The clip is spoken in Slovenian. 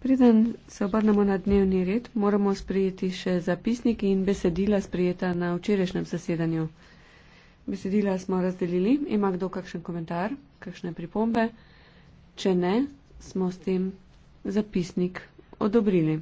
Preden se obrnemo na dnevni red, moramo sprejeti še zapisniki in besedila sprejeta na včerajšnjem zasedanju. Besedila smo razdelili, ima kdo kakšen komentar, kakšne pripombe. Če ne, smo s tem zapisnik odobrili.